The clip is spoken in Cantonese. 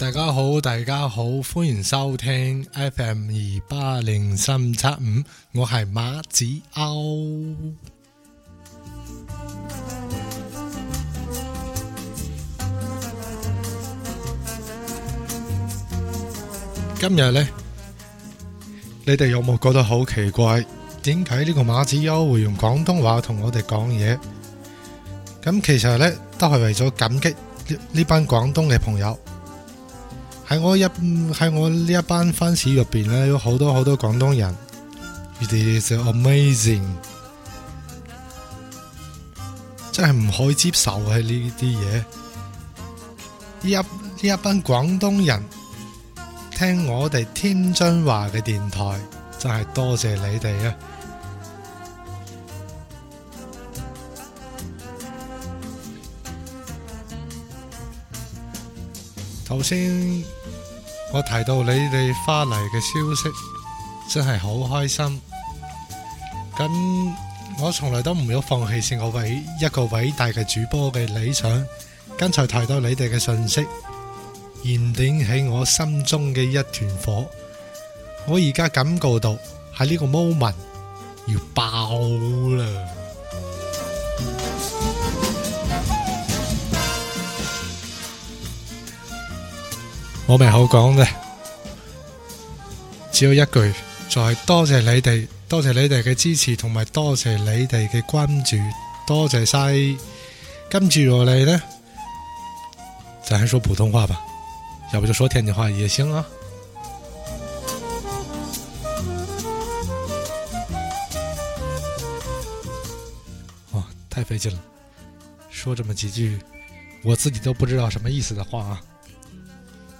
大家好，大家好，歡迎收聽 FM 二八零三七五，我係馬子歐。今日呢，你哋有冇覺得好奇怪？點解呢個馬子歐會用廣東話同我哋講嘢？咁其實呢，都係為咗感激呢班廣東嘅朋友。喺我一喺我呢一班 fans 入邊咧，有好多好多廣東人，it is amazing，真係唔可以接受嘅呢啲嘢。呢一呢一班廣東人聽我哋天津話嘅電台，真係多謝你哋啊！頭先。我提到你哋翻嚟嘅消息，真係好開心。咁我從來都唔要放棄，成個偉一個偉大嘅主播嘅理想。剛才提到你哋嘅信息，燃點起我心中嘅一團火。我而家感覺到喺呢個 moment 要爆啦！我冇咩好講嘅，只有一句就係、是、多謝你哋，多謝你哋嘅支持，同埋多謝你哋嘅關注，多謝晒跟住落嚟呢，咱還說普通話吧，要不就說天津話也行啊。哇，太費勁了，說這麼幾句我自己都不知道什麼意思的話啊！